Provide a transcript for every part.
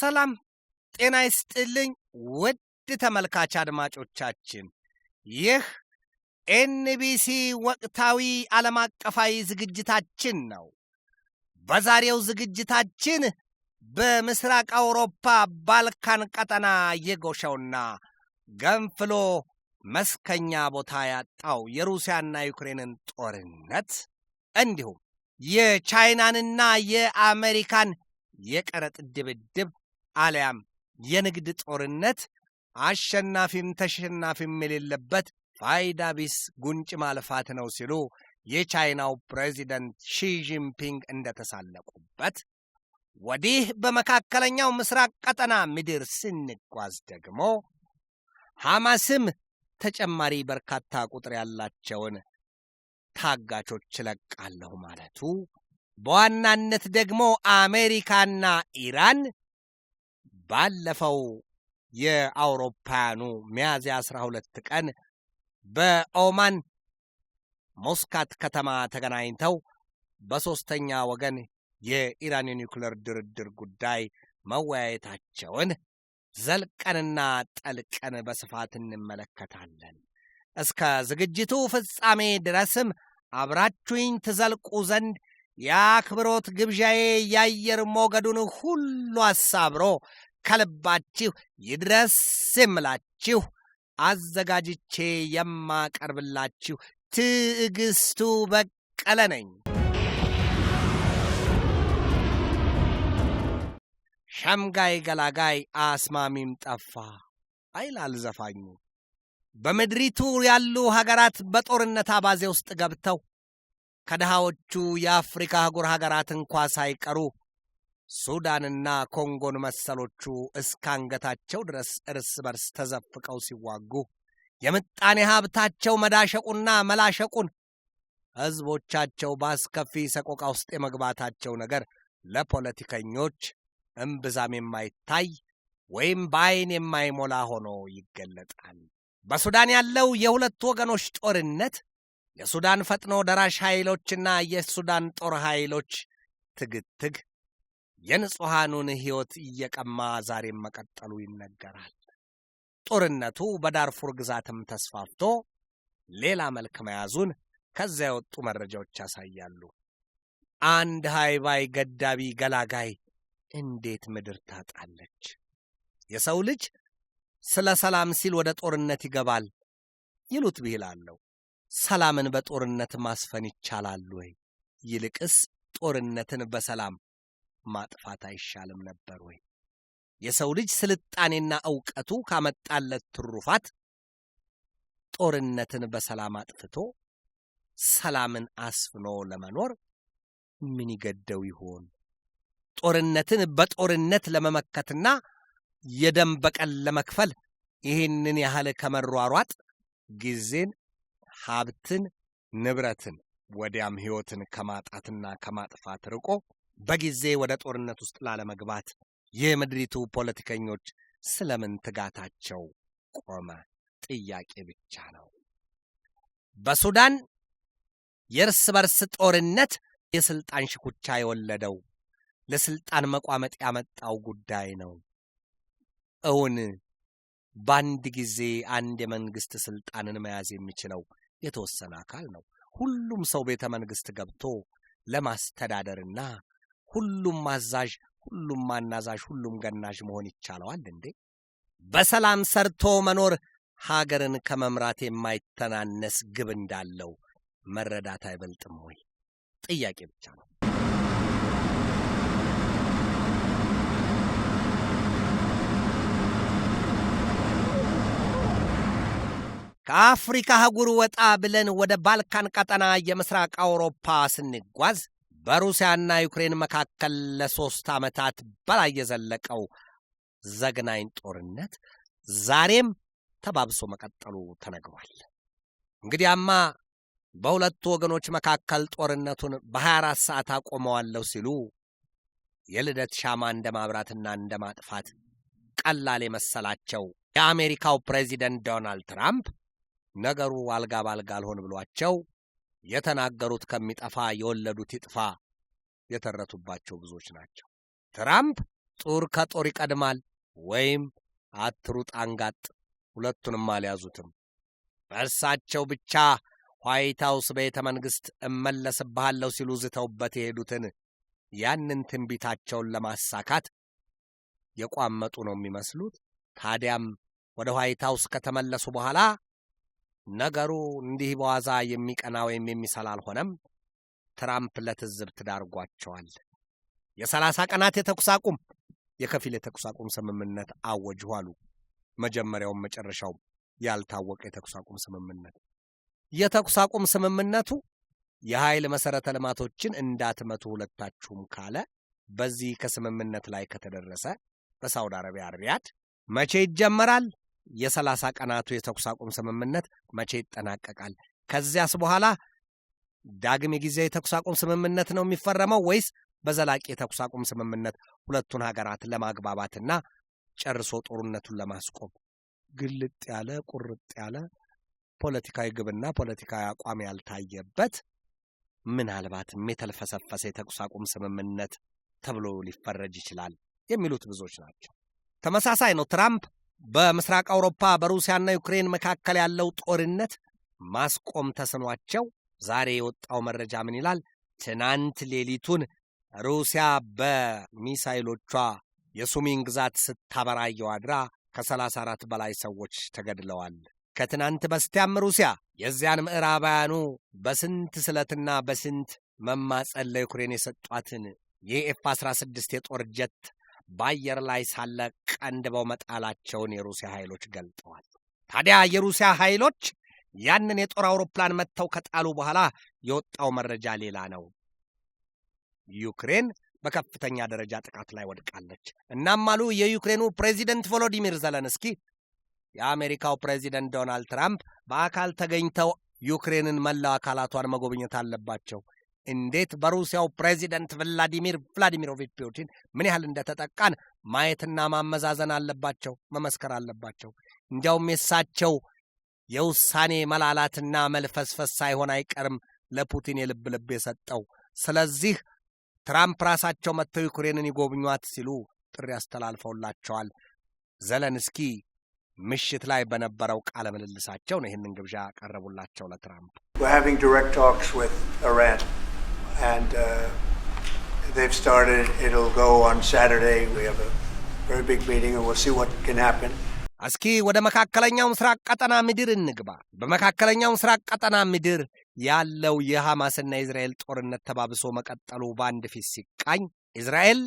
ሰላም ጤና ይስጥልኝ ውድ ተመልካች አድማጮቻችን፣ ይህ ኤንቢሲ ወቅታዊ ዓለም አቀፋዊ ዝግጅታችን ነው። በዛሬው ዝግጅታችን በምስራቅ አውሮፓ ባልካን ቀጠና የጎሸውና ገንፍሎ መስከኛ ቦታ ያጣው የሩሲያና ዩክሬንን ጦርነት እንዲሁም የቻይናንና የአሜሪካን የቀረጥ ድብድብ አለያም የንግድ ጦርነት አሸናፊም ተሸናፊም የሌለበት ፋይዳ ቢስ ጉንጭ ማልፋት ነው ሲሉ የቻይናው ፕሬዚደንት ሺጂንፒንግ እንደተሳለቁበት ወዲህ በመካከለኛው ምስራቅ ቀጠና ምድር ስንጓዝ ደግሞ ሐማስም ተጨማሪ በርካታ ቁጥር ያላቸውን ታጋቾች እለቃለሁ ማለቱ በዋናነት ደግሞ አሜሪካና ኢራን ባለፈው የአውሮፓውያኑ ሚያዝያ 12 ቀን በኦማን ሞስካት ከተማ ተገናኝተው በሦስተኛ ወገን የኢራን የኒውክለር ድርድር ጉዳይ መወያየታቸውን ዘልቀንና ጠልቀን በስፋት እንመለከታለን። እስከ ዝግጅቱ ፍጻሜ ድረስም አብራችሁኝ ትዘልቁ ዘንድ የአክብሮት ግብዣዬ የአየር ሞገዱን ሁሉ አሳብሮ ከልባችሁ ይድረስ የምላችሁ አዘጋጅቼ የማቀርብላችሁ ትዕግስቱ በቀለ ነኝ። ሸምጋይ ገላጋይ አስማሚም ጠፋ አይላል ዘፋኙ። በምድሪቱ ያሉ ሀገራት በጦርነት አባዜ ውስጥ ገብተው ከድሃዎቹ የአፍሪካ አህጉር ሀገራት እንኳ ሳይቀሩ ሱዳንና ኮንጎን መሰሎቹ እስከ አንገታቸው ድረስ እርስ በርስ ተዘፍቀው ሲዋጉ የምጣኔ ሀብታቸው መዳሸቁና መላሸቁን ሕዝቦቻቸው በአስከፊ ሰቆቃ ውስጥ የመግባታቸው ነገር ለፖለቲከኞች እምብዛም የማይታይ ወይም በዐይን የማይሞላ ሆኖ ይገለጣል። በሱዳን ያለው የሁለት ወገኖች ጦርነት የሱዳን ፈጥኖ ደራሽ ኃይሎችና የሱዳን ጦር ኃይሎች ትግትግ የንጹሐኑን ሕይወት እየቀማ ዛሬም መቀጠሉ ይነገራል። ጦርነቱ በዳርፉር ግዛትም ተስፋፍቶ ሌላ መልክ መያዙን ከዚያ የወጡ መረጃዎች ያሳያሉ። አንድ ሃይባይ ገዳቢ ገላጋይ እንዴት ምድር ታጣለች? የሰው ልጅ ስለ ሰላም ሲል ወደ ጦርነት ይገባል ይሉት ብሂላለሁ። ሰላምን በጦርነት ማስፈን ይቻላል ወይ? ይልቅስ ጦርነትን በሰላም ማጥፋት አይሻልም ነበር ወይ? የሰው ልጅ ስልጣኔና ዕውቀቱ ካመጣለት ትሩፋት ጦርነትን በሰላም አጥፍቶ ሰላምን አስፍኖ ለመኖር ምን ይገደው ይሆን? ጦርነትን በጦርነት ለመመከትና የደም በቀል ለመክፈል ይህንን ያህል ከመሯሯጥ ጊዜን፣ ሀብትን፣ ንብረትን ወዲያም ሕይወትን ከማጣትና ከማጥፋት ርቆ በጊዜ ወደ ጦርነት ውስጥ ላለመግባት የምድሪቱ ፖለቲከኞች ስለምን ትጋታቸው ቆመ? ጥያቄ ብቻ ነው። በሱዳን የእርስ በርስ ጦርነት የሥልጣን ሽኩቻ የወለደው ለሥልጣን መቋመጥ ያመጣው ጉዳይ ነው። እውን በአንድ ጊዜ አንድ የመንግስት ስልጣንን መያዝ የሚችለው የተወሰነ አካል ነው። ሁሉም ሰው ቤተ መንግስት ገብቶ ለማስተዳደርና ሁሉም አዛዥ፣ ሁሉም አናዛዥ፣ ሁሉም ገናዥ መሆን ይቻለዋል እንዴ? በሰላም ሰርቶ መኖር ሀገርን ከመምራት የማይተናነስ ግብ እንዳለው መረዳት አይበልጥም ወይ? ጥያቄ ብቻ ነው። ከአፍሪካ አህጉር ወጣ ብለን ወደ ባልካን ቀጠና የምስራቅ አውሮፓ ስንጓዝ በሩሲያና ዩክሬን መካከል ለሦስት ዓመታት በላይ የዘለቀው ዘግናኝ ጦርነት ዛሬም ተባብሶ መቀጠሉ ተነግሯል። እንግዲያማ በሁለቱ ወገኖች መካከል ጦርነቱን በ24 ሰዓት አቆመዋለሁ ሲሉ የልደት ሻማ እንደ ማብራትና እንደ ማጥፋት ቀላል የመሰላቸው የአሜሪካው ፕሬዚደንት ዶናልድ ትራምፕ ነገሩ አልጋ ባልጋ አልሆን ብሏቸው የተናገሩት ከሚጠፋ የወለዱት ይጥፋ የተረቱባቸው ብዙዎች ናቸው። ትራምፕ ጡር ከጦር ይቀድማል ወይም አትሩጥ አንጋጥ ሁለቱንም አልያዙትም። በእርሳቸው ብቻ ዋይት ሀውስ ቤተ መንግሥት እመለስብሃለሁ ሲሉ ዝተውበት የሄዱትን ያንን ትንቢታቸውን ለማሳካት የቋመጡ ነው የሚመስሉት። ታዲያም ወደ ዋይት ከተመለሱ በኋላ ነገሩ እንዲህ በዋዛ የሚቀና ወይም የሚሰላ አልሆነም። ትራምፕ ለትዝብ ትዳርጓቸዋል። የሰላሳ ቀናት የተኩስ አቁም፣ የከፊል የተኩስ አቁም ስምምነት አወጅሁ አሉ። መጀመሪያውም መጨረሻው ያልታወቀ የተኩስ አቁም ስምምነት። የተኩስ አቁም ስምምነቱ የኃይል መሠረተ ልማቶችን እንዳትመቱ ሁለታችሁም ካለ በዚህ ከስምምነት ላይ ከተደረሰ በሳውዲ አረቢያ ሪያድ መቼ ይጀመራል? የሰላሳ ቀናቱ የተኩስ አቁም ስምምነት መቼ ይጠናቀቃል? ከዚያስ በኋላ ዳግም የጊዜ የተኩስ አቁም ስምምነት ነው የሚፈረመው ወይስ በዘላቂ የተኩስ አቁም ስምምነት ሁለቱን ሀገራት ለማግባባትና ጨርሶ ጦርነቱን ለማስቆም ግልጥ ያለ ቁርጥ ያለ ፖለቲካዊ ግብና ፖለቲካዊ አቋም ያልታየበት ምናልባትም የተልፈሰፈሰ የተኩስ አቁም ስምምነት ተብሎ ሊፈረጅ ይችላል የሚሉት ብዙዎች ናቸው። ተመሳሳይ ነው ትራምፕ በምስራቅ አውሮፓ በሩሲያና ዩክሬን መካከል ያለው ጦርነት ማስቆም ተስኗቸው ዛሬ የወጣው መረጃ ምን ይላል? ትናንት ሌሊቱን ሩሲያ በሚሳይሎቿ የሱሚን ግዛት ስታበራየው አድራ ከ34 በላይ ሰዎች ተገድለዋል። ከትናንት በስቲያም ሩሲያ የዚያን ምዕራባውያኑ በስንት ስለትና በስንት መማጸን ለዩክሬን የሰጧትን የኤፍ 16 የጦር ጀት በአየር ላይ ሳለ ቀንድበው መጣላቸውን የሩሲያ ኃይሎች ገልጠዋል። ታዲያ የሩሲያ ኃይሎች ያንን የጦር አውሮፕላን መጥተው ከጣሉ በኋላ የወጣው መረጃ ሌላ ነው። ዩክሬን በከፍተኛ ደረጃ ጥቃት ላይ ወድቃለች። እናም አሉ የዩክሬኑ ፕሬዚደንት ቮሎዲሚር ዘለንስኪ የአሜሪካው ፕሬዚደንት ዶናልድ ትራምፕ በአካል ተገኝተው ዩክሬንን መላው አካላቷን መጎብኘት አለባቸው እንዴት በሩሲያው ፕሬዚደንት ቭላዲሚር ቭላዲሚሮቪች ፑቲን ምን ያህል እንደተጠቃን ማየትና ማመዛዘን አለባቸው፣ መመስከር አለባቸው። እንዲያውም የሳቸው የውሳኔ መላላትና መልፈስፈስ ሳይሆን አይቀርም ለፑቲን የልብ ልብ የሰጠው። ስለዚህ ትራምፕ ራሳቸው መጥተው ዩክሬንን ይጎብኟት ሲሉ ጥሪ አስተላልፈውላቸዋል። ዘለንስኪ ምሽት ላይ በነበረው ቃለ ምልልሳቸው ነው ይህንን ግብዣ ያቀረቡላቸው ለትራምፕ። and uh, they've started. It'll go on Saturday. We have a very big meeting, and we'll see what can happen. እስኪ ወደ መካከለኛው ምስራቅ ቀጠና ምድር እንግባ። በመካከለኛው ምስራቅ ቀጠና ምድር ያለው የሐማስና የእስራኤል ጦርነት ተባብሶ መቀጠሉ በአንድ ፊት ሲቃኝ እስራኤል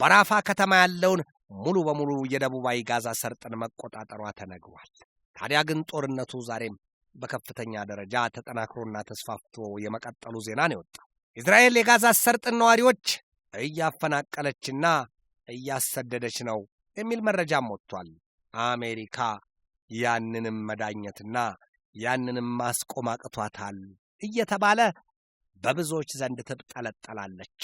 በራፋ ከተማ ያለውን ሙሉ በሙሉ የደቡባዊ ጋዛ ሰርጥን መቆጣጠሯ ተነግሯል። ታዲያ ግን ጦርነቱ ዛሬም በከፍተኛ ደረጃ ተጠናክሮና ተስፋፍቶ የመቀጠሉ ዜና ነው የወጣው። እስራኤል የጋዛ ሰርጥን ነዋሪዎች እያፈናቀለችና እያሰደደች ነው የሚል መረጃም ወጥቷል። አሜሪካ ያንንም መዳኘትና ያንንም ማስቆም አቅቷታል እየተባለ በብዙዎች ዘንድ ትብጠለጠላለች።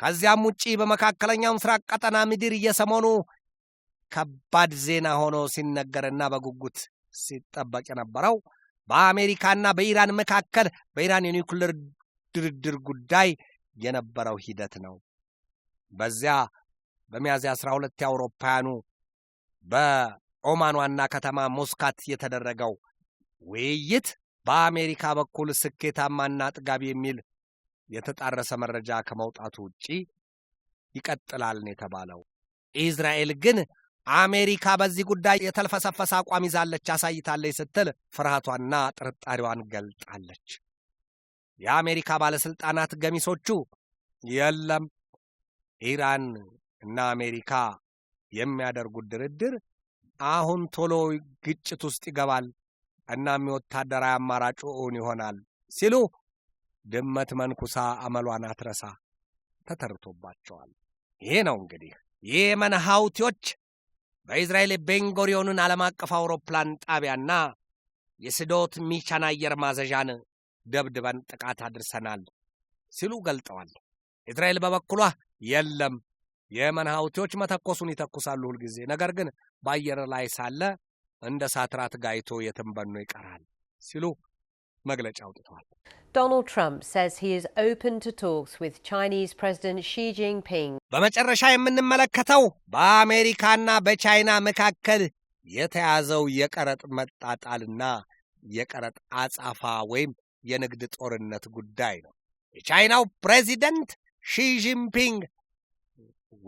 ከዚያም ውጪ በመካከለኛው ምስራቅ ቀጠና ምድር እየሰሞኑ ከባድ ዜና ሆኖ ሲነገርና በጉጉት ሲጠበቅ የነበረው በአሜሪካና በኢራን መካከል በኢራን የኒውክሌር ድርድር ጉዳይ የነበረው ሂደት ነው። በዚያ በሚያዝያ 12 የአውሮፓውያኑ በኦማን ዋና ከተማ ሞስካት የተደረገው ውይይት በአሜሪካ በኩል ስኬታማና ጥጋቢ የሚል የተጣረሰ መረጃ ከመውጣቱ ውጪ ይቀጥላል ነው የተባለው። ኢዝራኤል ግን አሜሪካ በዚህ ጉዳይ የተልፈሰፈሰ አቋም ይዛለች፣ አሳይታለች ስትል ፍርሃቷና ጥርጣሬዋን ገልጣለች። የአሜሪካ ባለሥልጣናት ገሚሶቹ የለም ኢራን እና አሜሪካ የሚያደርጉት ድርድር አሁን ቶሎ ግጭት ውስጥ ይገባል እናም የወታደራዊ አማራጭ እውን ይሆናል ሲሉ ድመት መንኩሳ አመሏን አትረሳ ተተርቶባቸዋል። ይሄ ነው እንግዲህ የየመን ሐውቲዎች በኢዝራኤል ቤንጎሪዮንን ዓለም አቀፍ አውሮፕላን ጣቢያና የስዶት ሚቻን አየር ማዘዣን ደብድበን ጥቃት አድርሰናል ሲሉ ገልጠዋል። እስራኤል በበኩሏ የለም የየመን ሀውቲዎች መተኮሱን ይተኩሳሉ ሁልጊዜ፣ ነገር ግን በአየር ላይ ሳለ እንደ ሳትራት ጋይቶ የትም በኖ ይቀራል ሲሉ መግለጫ አውጥተዋል። ዶናልድ ትራምፕ says he is open to talks with በመጨረሻ የምንመለከተው በአሜሪካና በቻይና መካከል የተያዘው የቀረጥ መጣጣልና የቀረጥ አጻፋ ወይም የንግድ ጦርነት ጉዳይ ነው። የቻይናው ፕሬዚደንት ሺጂንፒንግ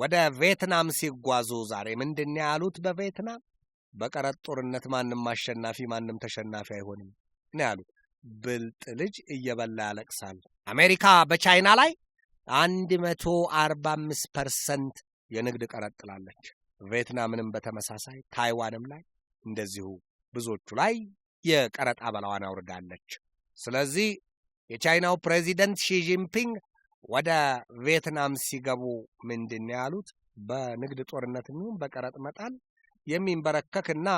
ወደ ቪየትናም ሲጓዙ ዛሬ ምንድን ያሉት? በቪየትናም በቀረጥ ጦርነት ማንም አሸናፊ ማንም ተሸናፊ አይሆንም ነው ያሉት። ብልጥ ልጅ እየበላ ያለቅሳል። አሜሪካ በቻይና ላይ አንድ መቶ አርባ አምስት ፐርሰንት የንግድ ቀረጥ ጥላለች። ቪየትናምንም በተመሳሳይ ታይዋንም ላይ እንደዚሁ ብዙዎቹ ላይ የቀረጥ አበላዋን አውርዳለች። ስለዚህ የቻይናው ፕሬዚደንት ሺጂንፒንግ ወደ ቪየትናም ሲገቡ ምንድን ያሉት? በንግድ ጦርነት የሚሆን በቀረጥ መጣል የሚንበረከክና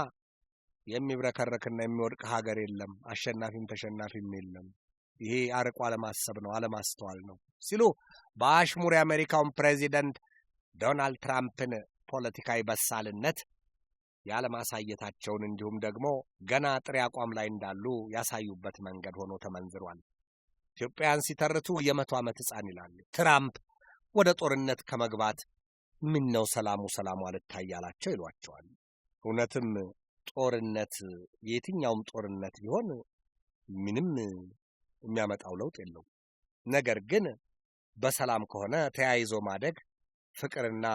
የሚብረከረክና የሚወድቅ ሀገር የለም፣ አሸናፊም ተሸናፊም የለም። ይሄ አርቆ አለማሰብ ነው፣ አለማስተዋል ነው ሲሉ በአሽሙር የአሜሪካውን ፕሬዚደንት ዶናልድ ትራምፕን ፖለቲካዊ በሳልነት ያለማሳየታቸውን እንዲሁም ደግሞ ገና ጥሬ አቋም ላይ እንዳሉ ያሳዩበት መንገድ ሆኖ ተመንዝሯል። ኢትዮጵያን ሲተርቱ የመቶ ዓመት ሕፃን ይላሉ። ትራምፕ ወደ ጦርነት ከመግባት ምን ነው ሰላሙ ሰላሙ አልታያላቸው ይሏቸዋል። እውነትም ጦርነት የትኛውም ጦርነት ቢሆን ምንም የሚያመጣው ለውጥ የለው? ነገር ግን በሰላም ከሆነ ተያይዞ ማደግ ፍቅርና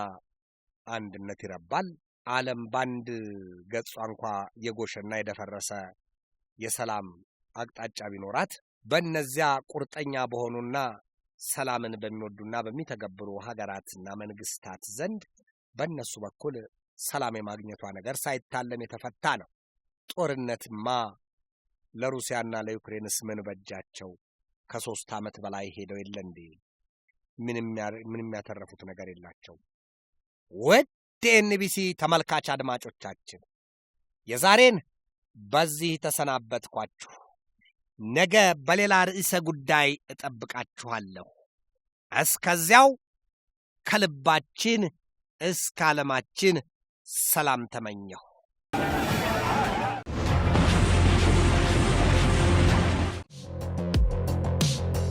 አንድነት ይረባል። ዓለም በአንድ ገጿ እንኳ የጎሸና የደፈረሰ የሰላም አቅጣጫ ቢኖራት በእነዚያ ቁርጠኛ በሆኑና ሰላምን በሚወዱና በሚተገብሩ ሀገራትና መንግስታት ዘንድ በእነሱ በኩል ሰላም የማግኘቷ ነገር ሳይታለም የተፈታ ነው። ጦርነትማ ለሩሲያና ለዩክሬንስ ምን በጃቸው? ከሶስት ዓመት በላይ ሄደው የለ እንዴ? ምን የሚያተረፉት ነገር የላቸው። ወጥ ቲኤንቢሲ ተመልካች አድማጮቻችን የዛሬን በዚህ ተሰናበትኳችሁ። ነገ በሌላ ርዕሰ ጉዳይ እጠብቃችኋለሁ። እስከዚያው ከልባችን እስከ ዓለማችን ሰላም ተመኘሁ።